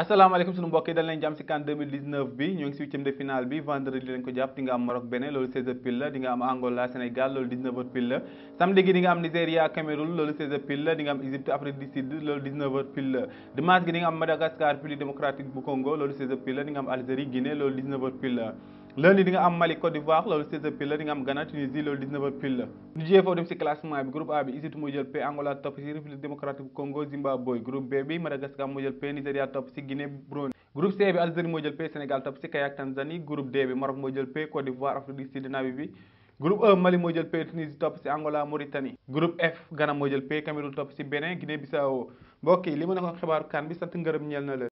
asalaamaaleykum sunu mbokk yi dal leen jàmm ci CAN 2019 bi ñoo ngi ci huitième de finale bi vendredi lañ ko jàpp di nga am Maroc Bénin loolu 16h pile la di nga am Angola Sénégal loolu 19h pile gi di am Nigéria Cameroun loolu 16h pile am Égypte Afrique du Sud loolu 19h pile gi di am Madagascar République démocratique bu Congo loolu 16h pile am Algérie Guinée loolu 19h lundi di nga am Mali Côte d'Ivoire loolu 16 heures pile la di nga am Ghana Tunisie loolu 19 heures pile la ñu jiyee foofu dem si classement bi groupe A bi Égypte mooy jël P Angola topp si République démocratique Congo Zimbabwe groupe B bi Madagascar mooy jël P Nigéria topp si Guinée Burundi groupe C bi Algérie mooy P Sénégal topp si Kayak Tanzanie groupe D bi Maroc mooy P Côte d'Ivoire Afrique du Sud Namibie groupe E Mali mooy P Tunisie topp si Angola Mauritanie groupe F Ghana